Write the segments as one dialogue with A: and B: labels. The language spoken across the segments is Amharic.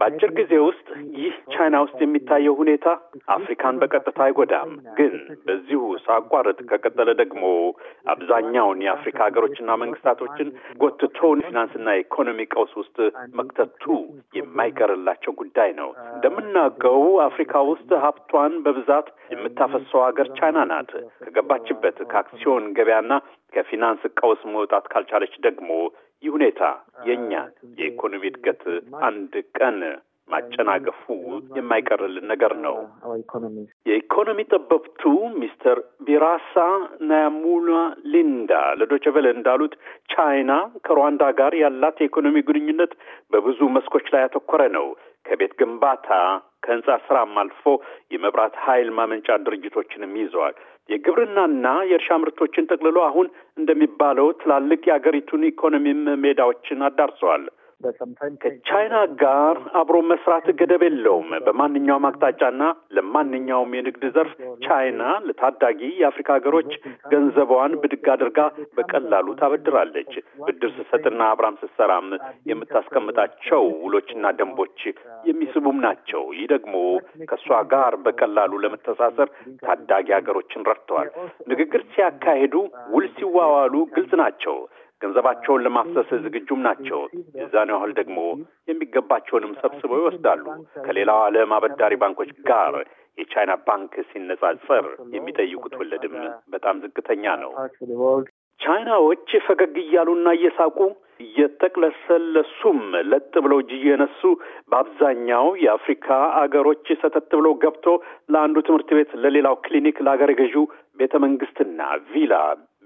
A: በአጭር ጊዜ ውስጥ ይህ ቻይና ውስጥ የሚታየው ሁኔታ አፍሪካን በቀጥታ አይጎዳም፣ ግን በዚሁ ሳቋርጥ ከቀጠለ ደግሞ አብዛኛውን የአፍሪካ ሀገሮችና መንግስታቶችን ጎትቶውን ፊናንስና ኢኮኖሚ ቀውስ ውስጥ መክተቱ የማይቀርላቸው ጉዳይ ነው። እንደምናውቀው አፍሪካ ውስጥ ሀብቷን በብዛት የምታፈሰው ሀገር ቻይና ናት። ከገባችበት ከአክሲዮን ገበያና ከፊናንስ ቀውስ መውጣት ካልቻለች ደግሞ ይህ ሁኔታ የእኛ የኢኮኖሚ እድገት አንድ ቀን ማጨናገፉ የማይቀርልን ነገር ነው። የኢኮኖሚ ጠበብቱ ሚስተር ቢራሳ ናያሙላ ሊንዳ ለዶቼ እንዳሉት ቻይና ከሩዋንዳ ጋር ያላት የኢኮኖሚ ግንኙነት በብዙ መስኮች ላይ ያተኮረ ነው። ከቤት ግንባታ ከህንጻ ስራም አልፎ የመብራት ኃይል ማመንጫ ድርጅቶችንም ይዘዋል። የግብርናና የእርሻ ምርቶችን ጠቅልሎ አሁን እንደሚባለው ትላልቅ የአገሪቱን ኢኮኖሚም ሜዳዎችን አዳርሰዋል። ከቻይና ጋር አብሮ መስራት ገደብ የለውም። በማንኛውም አቅጣጫና ለማንኛውም የንግድ ዘርፍ ቻይና ለታዳጊ የአፍሪካ ሀገሮች ገንዘቧን ብድግ አድርጋ በቀላሉ ታበድራለች። ብድር ስሰጥና አብራም ስሰራም የምታስቀምጣቸው ውሎችና ደንቦች የሚስቡም ናቸው። ይህ ደግሞ ከእሷ ጋር በቀላሉ ለመተሳሰር ታዳጊ ሀገሮችን ረድተዋል። ንግግር ሲያካሂዱ፣ ውል ሲዋዋሉ ግልጽ ናቸው። ገንዘባቸውን ለማፍሰስ ዝግጁም ናቸው። የዛን ያህል ደግሞ የሚገባቸውንም ሰብስበው ይወስዳሉ። ከሌላው ዓለም አበዳሪ ባንኮች ጋር የቻይና ባንክ ሲነጻጸር የሚጠይቁት ወለድም በጣም ዝቅተኛ ነው። ቻይናዎች ፈገግ እያሉና እየሳቁ እየተቅለሰለሱም ለጥ ብለው እጅ እየነሱ በአብዛኛው የአፍሪካ አገሮች ሰተት ብለው ገብቶ ለአንዱ ትምህርት ቤት፣ ለሌላው ክሊኒክ፣ ለአገረ ገዢው ቤተ መንግስትና ቪላ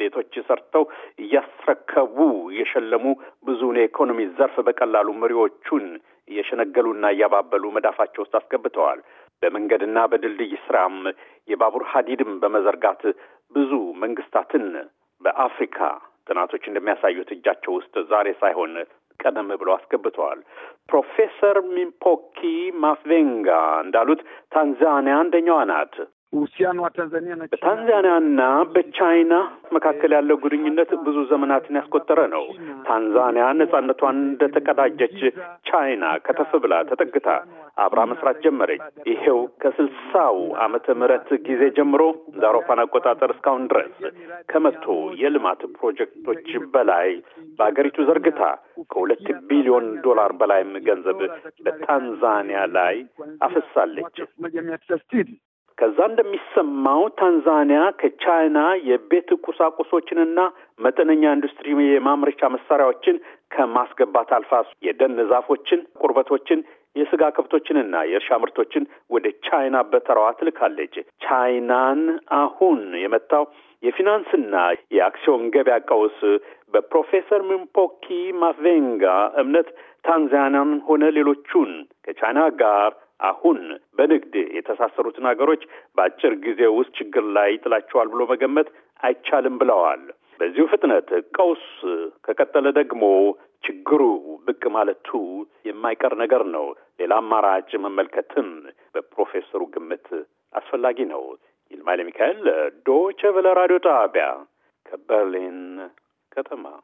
A: ቤቶች ሰርተው እያስረከቡ የሸለሙ ብዙውን የኢኮኖሚ ዘርፍ በቀላሉ መሪዎቹን እየሸነገሉና እያባበሉ መዳፋቸው ውስጥ አስገብተዋል። በመንገድና በድልድይ ስራም የባቡር ሀዲድም በመዘርጋት ብዙ መንግስታትን በአፍሪካ ጥናቶች እንደሚያሳዩት እጃቸው ውስጥ ዛሬ ሳይሆን ቀደም ብለው አስገብተዋል። ፕሮፌሰር ሚምፖኪ ማፍቬንጋ እንዳሉት ታንዛኒያ አንደኛዋ ናት። uhusiano wa Tanzania በታንዛኒያና በቻይና መካከል ያለው ግንኙነት ብዙ ዘመናትን ያስቆጠረ ነው። ታንዛኒያ ነጻነቷን እንደተቀዳጀች ቻይና ከተፍ ብላ ተጠግታ አብራ መስራት ጀመረች። ይሄው ከስልሳው ዓመተ ምህረት ጊዜ ጀምሮ እንደ አውሮፓን አቆጣጠር እስካሁን ድረስ ከመቶ የልማት ፕሮጀክቶች በላይ በአገሪቱ ዘርግታ ከሁለት ቢሊዮን ዶላር በላይም ገንዘብ በታንዛኒያ ላይ አፈሳለች። ከዛ እንደሚሰማው ታንዛኒያ ከቻይና የቤት ቁሳቁሶችንና መጠነኛ ኢንዱስትሪ የማምረቻ መሳሪያዎችን ከማስገባት አልፋ የደን ዛፎችን፣ ቁርበቶችን፣ የስጋ ከብቶችንና የእርሻ ምርቶችን ወደ ቻይና በተራዋ ትልካለች። ቻይናን አሁን የመታው የፊናንስና የአክሲዮን ገበያ ቀውስ በፕሮፌሰር ምንፖኪ ማቬንጋ እምነት ታንዛኒያን ሆነ ሌሎቹን ከቻይና ጋር አሁን በንግድ የተሳሰሩትን ነገሮች በአጭር ጊዜ ውስጥ ችግር ላይ ይጥላቸዋል ብሎ መገመት አይቻልም ብለዋል። በዚሁ ፍጥነት ቀውስ ከቀጠለ ደግሞ ችግሩ ብቅ ማለቱ የማይቀር ነገር ነው። ሌላ አማራጭ መመልከትም በፕሮፌሰሩ ግምት አስፈላጊ ነው። ይልማይለ ሚካኤል ዶቼ ቬለ ራዲዮ ጣቢያ ከበርሊን ከተማ